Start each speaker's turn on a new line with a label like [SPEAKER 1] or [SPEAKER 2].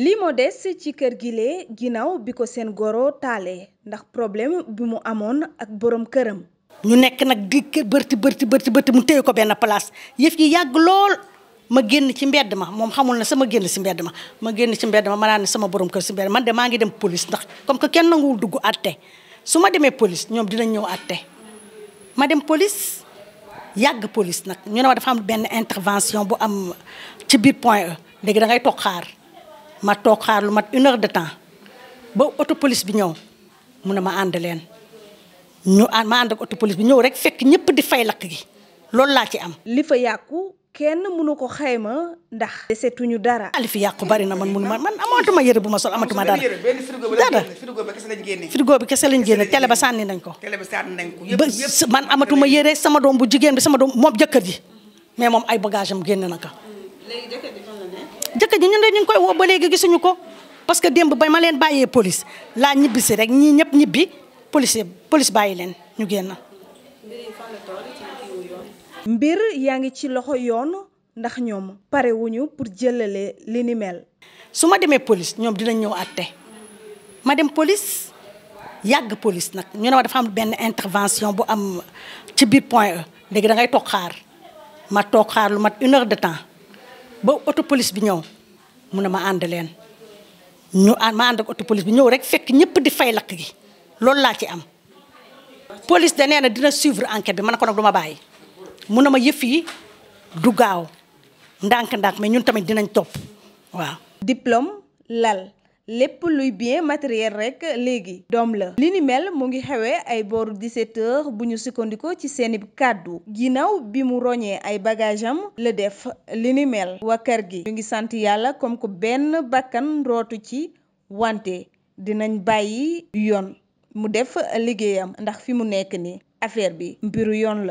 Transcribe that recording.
[SPEAKER 1] lii moo des ci kër lee ginnaaw bi ko seen goro taalee ndax problème bi mu
[SPEAKER 2] amoon ak borom këram. ñu nekk nag di kër bërti bërti bërti bërti mu téye ko benn place yëf yi yàgg lool ma génn ci mbedd ma moom xamul na sama génn si mbedd ma ma génn ci mbedd ma ma naan sama borom kër si mbedd man de maa ngi dem police ndax comme que kenn nanguwul dugg su ma demee police ñoom dinañ ñëw àtte ma dem police yàgg police nag ñu ne ma dafa am benn intervention bu am ci biir point E léegi da ngay toog xaar. ma toog xaar lu mat une de temps ba auto police bi ñëw mu ne ma ànd leen ñu ànd ma ànd ak auto police bi ñëw rek fekk ñëpp di fay lakk gi loolu laa ci am. li fa yàqu kenn mënu ko xayma ndax. desetuñu dara. li fi yàqu bari na man mënu ma man amatuma yëre bu ma sol amatuma dara.
[SPEAKER 1] dara
[SPEAKER 2] frigo bi kese amatuma yëre sama doom bu jigéen bi sama doom moom jëkkër ji mais moom ay bagage am génne na ko. léegi ñun de ñu ngi koy woo ba léegi gisuñu ko parce que démb ba ma leen bàyyee police laa ñibbisi rek ñii ñëpp ñibbi police police bàyyi leen ñu génn. mbir yaa ngi ci loxo yoon ndax ñoom pare wuñu pour jëlale li ni mel. su ma demee police ñoom dinañ ñëw àtte ma dem police yàgg police nag ñu ne ma dafa am benn intervention bu am ci biir point E léegi da toog xaar ma toog xaar lu mat une de temps ba oto police bi ñëw. mun ne ma ànd leen ñu ma ànd ak oto police bi ñëw rek fekk ñëpp di fay lakk gi loolu laa ci am. police da nee na dina suivre enquête bi man ko nag du ma bàyyi mu ne ma yëf yi du gaaw ndànk-ndànk mais ñun tamit dinañ topp waaw. diplôme
[SPEAKER 1] lal. lépp luy bien matériel rek léegi doom la li mu ngi xewee ay booru 17 heures bu ñu sukkandikoo ci seeni kàddu ginnaaw bi mu roñee ay bagage la def li wa kër gi ñu ngi sant yàlla comme que benn bakkan rootu ci wante dinañ bàyyi yoon mu def liggéeyam ndax fi mu nekk nii affaire bi mbiru yoon la